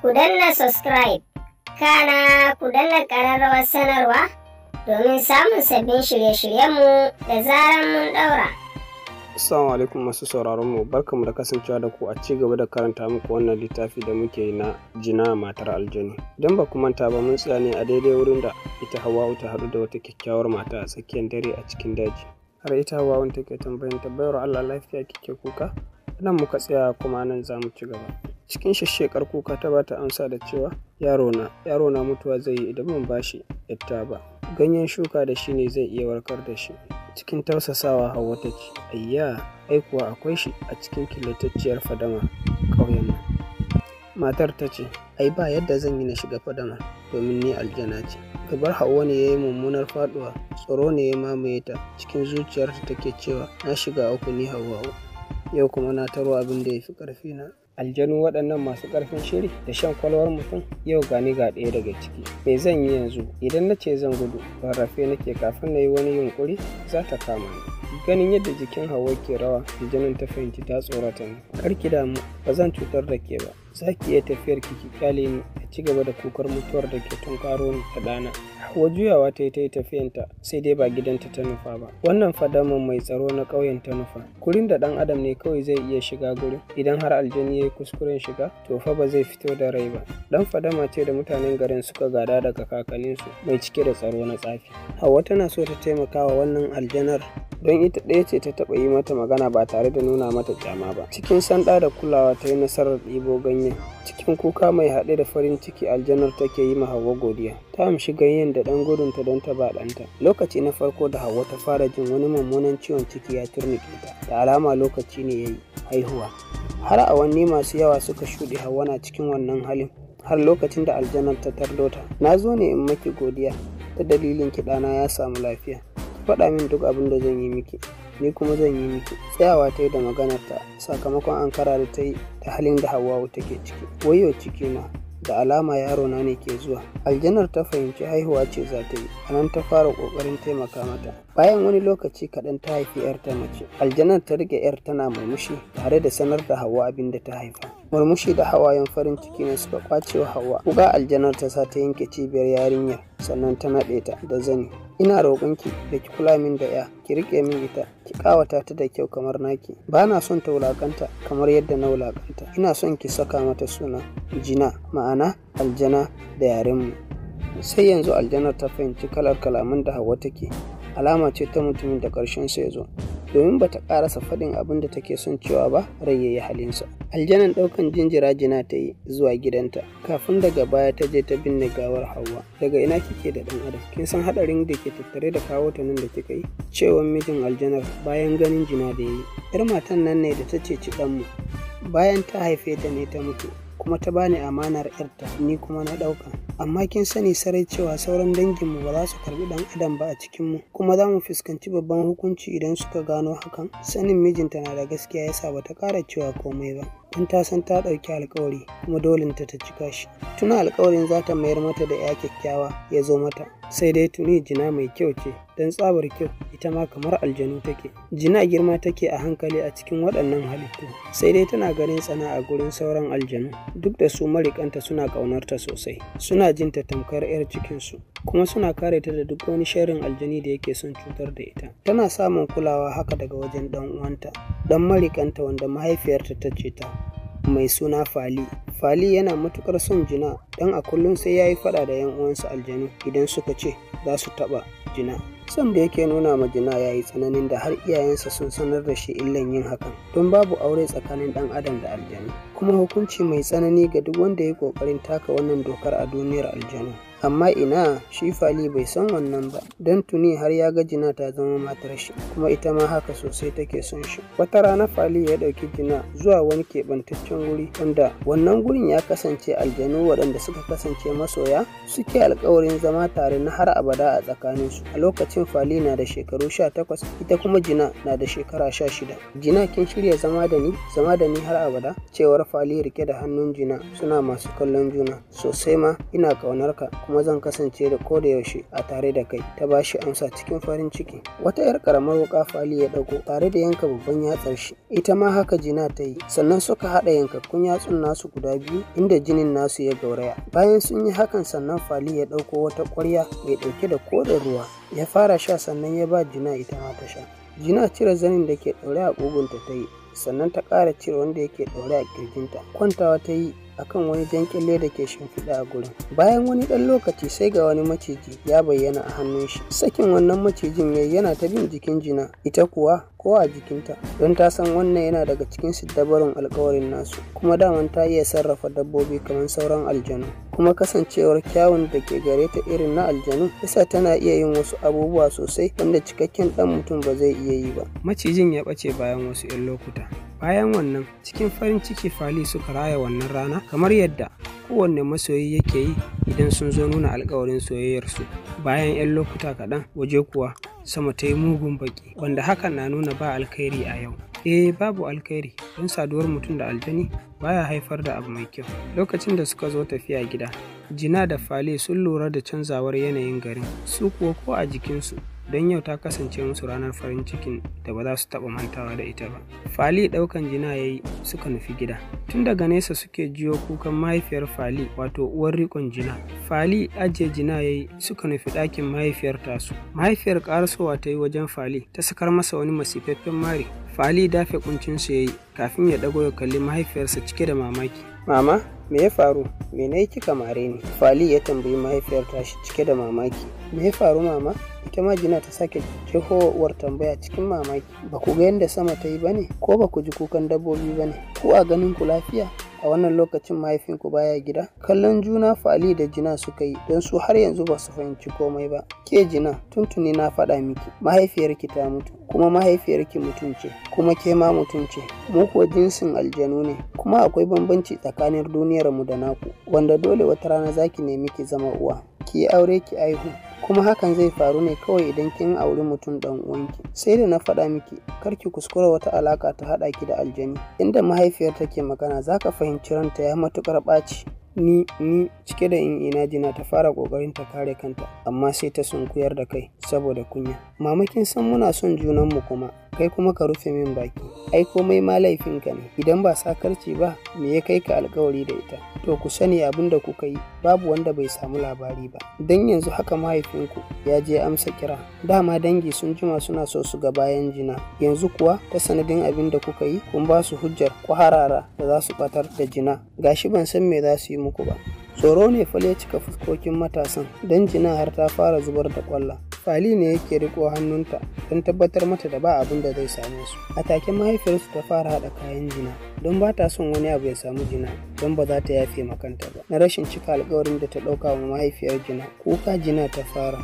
ku danna subscribe kana ku danna ƙararrawar sanarwa domin samun sabbin shirye-shiryenmu da zarar mun daura. Assalamu alaikum masu sauraron mu barkamu da kasancewa da ku a ci gaba da karanta muku wannan littafi da muke na jina matar aljani. don ba ku manta ba mun tsaya ne a daidai wurin da ita hawa ta haɗu da wata kyakkyawar mata a tsakiyar dare a cikin daji. Har ita hawa Hawwa'u take tambayin tabbayar Allah lafiya kike kuka? Nan muka tsaya kuma nan za mu ci gaba. cikin shashshekar kuka ta bata amsa da cewa yaro na yaro na mutuwa zai yi idan ban bashi yatta ba ganyen shuka da shi ne zai iya warkar da shi cikin tausasawa hawa ta ce ayya aikuwa akwai shi a cikin killatacciyar fadama ƙauyen nan matar ta ce ai ba yadda zan yi na shiga fadama domin ni aljana ce gabar hawa ne ya yi mummunar faduwa tsoro ne ya mamaye ta cikin zuciyarta take cewa na shiga uku ni hawa yau kuma na taro abin da ya fi ƙarfi na aljanu waɗannan masu ƙarfin shiri da shan kwalwar mutum yau gani ga ɗaya daga ciki me zan yi yanzu idan na ce zan gudu rarrafe nake kafin na yi wani yunƙuri za ta kama ni ganin yadda jikin hawa ke rawa janin ta fahimci ta tsorata ni kar ki damu ba zan cutar da ke ba za ki iya tafiyar ki ki kyale ni a ci gaba da kukar mutuwar da ke tunkaro ni ta ɗana kuwa juyawa ta yi ta yi tafiyanta sai dai ba gidanta ta nufa ba wannan fadaman mai tsaro na ƙauyen ta nufa kurin da ɗan adam ne kawai zai iya shiga gurin idan har aljani ya yi kuskuren shiga to fa ba zai fito da rai ba ɗan fadama ce da mutanen garin suka gada daga kakanninsu mai cike da tsaro na tsafi hawa tana so ta taimaka wa wannan aljanar don ita ɗaya ce ta taɓa yi mata magana ba tare da nuna mata kyama ba cikin sanda da kulawa ta yi nasarar ɗibo ganyen cikin kuka mai haɗe da farin ciki aljanar take yi ma hawa godiya ta amshi ganyen da ɗan gudunta don ta ba ɗanta. lokaci na farko da hawa ta fara jin wani mummunan ciwon ciki ya turnike ta da alama lokaci ne ya yi haihuwa har awanni masu yawa suka shuɗe hawa na cikin wannan halin har lokacin da aljanar ta tardo ta na zo ne in maki godiya ta dalilin kiɗana ya samu lafiya faɗa min duk abin da zan yi miki ni kuma zan yi miki tsayawa ta yi da maganarta sakamakon an kara da ta yi da halin da hawawu ke ciki wayo cikina da alama yaro na ne ke zuwa aljanar ta fahimci haihuwa ce za ta yi a nan ta fara ƙoƙarin taimaka mata bayan wani lokaci kaɗan ta haifi 'yar ta mace aljanar ta rike 'yar tana murmushi tare da sanar da hawa abin da ta haifa murmushi da hawayen farin ciki ne suka kwace wa hawa kuga aljanar ta sa ta yanke cibiyar yarinyar sannan ta naɗe ta da zani ina roƙonki da ki kula min da ya ki riƙe min ita ki ƙawata ta da kyau kamar naki ba na son ta wulaƙanta kamar yadda na wulaƙanta ina son ki saka mata suna jina ma'ana aljana da yarenmu sai yanzu aljanar ta fahimci kalar kalaman da hawa take alama ce ta mutumin da ƙarshen sai zo domin ba ta karasa faɗin abin da take son cewa ba rai ya yi halinsa aljanan ɗaukan jinjira jina ta yi zuwa gidanta kafin daga baya ta je ta binne gawar Hauwa. daga ina kike da ɗan adam kin san haɗarin da ke tattare da kawo ta nan da kika yi cewan mijin aljanar bayan ganin jina da ya yi 'yar matan nan ne da ta ce ci ɗanmu bayan ta haife ta ne ta mutu kuma ta bani amanar yarta ni kuma na ɗauka amma kin sani sarai cewa sauran danginmu ba za su karbi ɗan adam ba a cikin mu kuma za mu fuskanci babban hukunci idan suka gano hakan sanin mijinta na da gaskiya yasa bata ƙara cewa komai ba don ta san ta ɗauki alkawari kuma dolinta ta cika shi tuna alkawarin za ta mayar mata da ya kyakkyawa ya zo mata sai dai tuni jina mai kyau ce don tsabar kyau ita ma kamar aljanu take jina girma take a hankali a cikin waɗannan halittu sai dai tana ganin tsana a gurin sauran aljanu duk da su marikanta suna ƙaunarta sosai suna jin ta tamkar 'yar cikinsu kuma suna kare ta da duk wani sharrin aljani da yake son cutar da ita tana samun kulawa haka daga wajen ɗan uwanta dan marikanta wanda mahaifiyarta ta ce ta mai suna Fali. Fali yana matukar son Jina don a kullum sai ya yi fada da 'yan uwansa aljanu idan suka ce za su taɓa Jina. son da yake nuna ma jina ya yi tsananin da har iyayensa sun sanar da shi illan yin hakan don babu aure tsakanin dan adam da aljanu kuma hukunci mai tsanani ga duk wanda ya kokarin taka wannan dokar a duniyar aljanu amma ina shi fali bai san wannan ba don tuni har ya ga jina ta zama matar shi kuma ita ma haka sosai take son shi wata rana fali ya ɗauki jina zuwa wani keɓantaccen wuri wanda wannan gurin ya kasance aljanu waɗanda suka kasance masoya suke alkawarin zama tare na har abada a tsakaninsu a lokacin Yusuf Fali na da shekaru 18 ita kuma Jina na da shekara 16. Jina kin shirya zama da ni, zama da ni har abada, cewar Fali rike da hannun Jina suna masu kallon juna. Sosai ma ina kaunar ka kuma zan kasance da ko da yaushe a tare da kai ta bashi amsa cikin farin ciki. Wata 'yar karamar wuka Fali ya dauko tare da yanka babban yatsar shi. Ita ma haka Jina ta yi. Sannan suka haɗa yankakkun yatsun nasu guda biyu inda jinin nasu ya gauraya. Bayan sun yi hakan sannan Fali ya dauko wata ƙwarya mai ɗauke da koren ruwa. Ya fara fara sha sannan ya ba jina ita ma ta sha jina cire zanin da ke ɗaure a ƙugunta ta yi sannan ta ƙara cire wanda yake ɗaure a ƙirjinta kwantawa ta yi akan wani jan kyalle da ke shimfiɗa a gurin bayan wani ɗan lokaci sai ga wani maciji ya bayyana a hannun shi sakin wannan macijin yayi yana ta bin jikin jina ita kuwa ko a jikinta don ta san wannan yana daga cikin siddabarin alkawarin nasu kuma daman ta iya sarrafa dabbobi kamar sauran aljanu kuma kasancewar kyawun da ke gare ta irin na aljanu yasa tana iya yin wasu abubuwa sosai wanda cikakken dan mutum ba zai iya yi ba macijin ya ɓace bayan wasu 'yan lokuta bayan wannan cikin farin ciki fali suka raya wannan rana kamar yadda kowanne masoyi yake yi idan sun zo nuna alkawarin soyayyarsu bayan 'yan lokuta kaɗan waje kuwa sama ta yi mugun baki wanda hakan na nuna ba alkhairi a yau eh babu alkhairi don saduwar mutum da aljani baya haifar da abu mai kyau lokacin da suka zo tafiya gida jina da fale sun lura da canzawar yanayin garin su kuwa ko a jikinsu don yau ta kasance musu ranar farin cikin da ba za su taba mantawa da ita ba. Fali ɗaukan jina ya yi suka nufi gida. Tun daga nesa suke jiyo kukan mahaifiyar Fali wato uwar rikon jina. Fali ajiye jina ya yi suka nufi ɗakin mahaifiyar tasu. Mahaifiyar karasowa ta yi wajen Fali ta sakar masa wani masifaffen mari. Fali dafe kuncinsa ya yi kafin ya ɗago ya kalli mahaifiyarsa cike da mamaki. Mama, me ya faru? Me na kika mare ni? Fali ya tambayi mahaifiyar tashi cike da mamaki. Me ya faru mama? ita ma jina ta sake jehowar tambaya cikin mamaki ba ku ga yadda sama ta yi ba ne ko ba ku ji kukan dabbobi ba ne ku a ganin ku lafiya a wannan lokacin mahaifinku baya gida kallon juna fali da jina suka yi don su har yanzu ba su fahimci komai ba ke jina tuntuni na faɗa miki mahaifiyarki ta mutu kuma mahaifiyarki mutum ce kuma ke ma mutum ce mu kuwa jinsin aljanu ne kuma akwai bambanci tsakanin duniyarmu da naku wanda dole wata rana zaki nemi ki zama uwa ki aure ki aihu kuma hakan zai faru ne kawai idan kin auri mutum dan uwanki sai da na faɗa miki kar ki kuskura wata alaka ta haɗa ki da aljani inda mahaifiyar take magana zaka fahimci ranta ya matuƙar ɓaci ni ni cike da in ina jina ta fara ƙoƙarin ta kare kanta amma sai ta sunkuyar da kai saboda kunya mamakin san muna son junanmu kuma kai kuma ka rufe min baki ai komai ma ka ne idan ba sakarci ba me ya kai ka alkawari da ita to ku sani abin da kuka yi babu wanda bai samu labari ba dan yanzu haka mahaifinku ya je amsa kira dama dangi sun jima suna so su ga bayan jina yanzu kuwa ta sanadin abin da kuka yi kun ba su hujjar kwaharara da za su batar da jina gashi ban san me za su yi muku ba tsoro ne ya cika fuskokin matasan dan jina har ta fara zubar da kwallon Fali ne yake riko hannunta don tabbatar mata da ba abin da zai same su. A take mahaifiyarsu ta fara haɗa kayan jina don ba ta son wani abu ya samu jina don ba za ta yafe makanta ba. Na rashin cika alkawarin da ta ɗauka wa mahaifiyar jina kuka jina ta fara.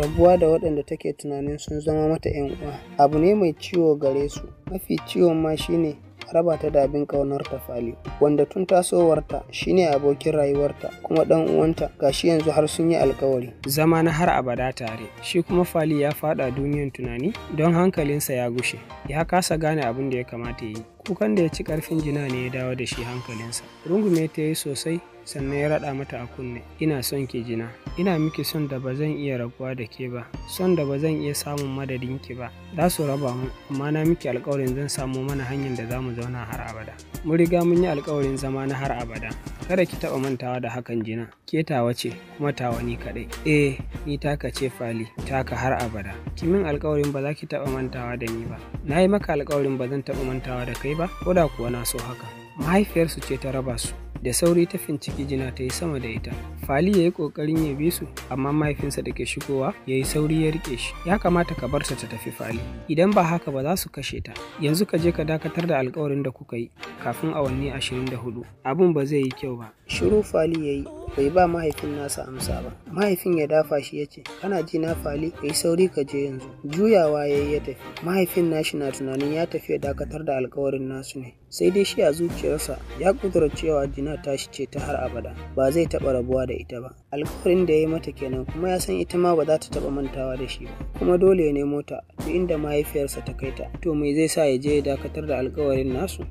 Rabuwa da waɗanda take tunanin sun zama mata 'yan uwa abu ne mai ciwo gare su. Mafi ciwon ma shine raba ta da abin ƙaunar ta fali wanda tun tasowarta shine abokin rayuwarta kuma ɗan uwanta gashi yanzu har sun yi alkawari zama na har abada tare shi kuma fali ya faɗa duniyan tunani don hankalinsa ya gushe ya kasa gane abin da ya kamata ya yi kukan da ya ci ƙarfin jina ne ya dawo da shi hankalinsa rungume ta yi sosai sannan ya raɗa mata a kunne ina son ki jina ina miki son da ba zan iya raguwa da ke ba son da ba zan iya samun madadin ki ba za su raba mu amma na miki alkawarin zan samu mana hanyar da za mu zauna har abada mun riga mun yi alkawarin zama na har abada kada ki taɓa mantawa da hakan jina ke tawa ce kuma tawa ni kaɗai eh ni taka ce fali taka har abada Ki min alkawarin ba za ki taɓa mantawa da ni ba na yi maka alkawarin ba zan taɓa mantawa da kai ba ko da kuwa na so haka mahaifiyarsu ce ta raba su da sauri ta finciki jina ta yi sama da ita fali ya yi ƙoƙarin ya bi su amma mahaifinsa da ke shigowa ya yi sauri ya riƙe shi ya kamata ka bar ta ta tafi fali idan ba haka ba za su kashe ta yanzu ka je ka dakatar da alkawarin da kuka yi kafin awanni ashirin da hudu abin ba zai yi kyau ba shiru fali ya yi bai ba mahaifin nasa amsa ba mahaifin ya dafa shi ya ce kana ji na fali kai sauri ka je yanzu juyawa ya yi ya tafi mahaifin nashi na tunanin ya tafi ya dakatar da alkawarin nasu ne sai dai shi a zuciyarsa ya kudura cewa jina ta shi ce ta har abada ba zai taɓa rabuwa da ita ba alkawarin da ya yi mata kenan kuma ya san ita ma ba za ta taba mantawa da shi ba kuma dole ya nemo ta duk inda mahaifiyarsa ta kai ta to me zai sa ya je ya dakatar da alkawarin nasu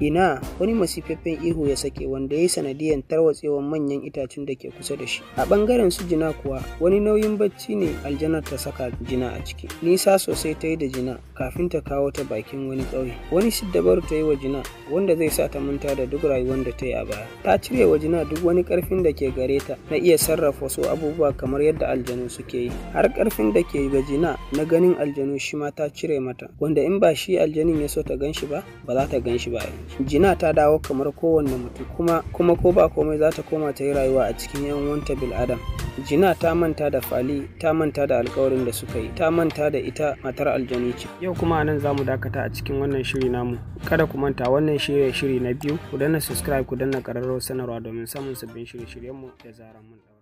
ina wani masifaffen ihu ya sake wanda ya yi sanadiyar tarwatsewar manyan itacen da ke kusa da shi a bangaren su jina kuwa wani nauyin bacci ne aljanar ta saka jina a ciki nisa sosai ta yi da jina kafin ta kawo ta bakin wani ƙauye wani siddabaru ta yi wa jina wanda zai sa ta manta da duk rayuwar da ta yi a baya ta cire wa jina duk wani ƙarfin da ke gare ta na iya sarrafa wasu abubuwa kamar yadda aljanu suke yi har ƙarfin da ke ga jina na ganin aljanu shi ma ta cire mata wanda in ba shi aljanin ya so ta ganshi ba ba za ta gan shi ba jina ta dawo kamar kowanne mutum kuma, kuma ko ba komai za ta koma ta yi rayuwa a cikin yan uwanta bil'adam jina ta manta da fali ta manta da alkawarin da suka yi ta manta da ita matar aljani ce yau kuma nan za mu dakata a cikin wannan shiri namu kada ku manta wannan shirye shiri na biyu ku danna subscribe ku danna ƙararrawar sanarwa domin samun sabbin shirye-shiryenmu da zaran mun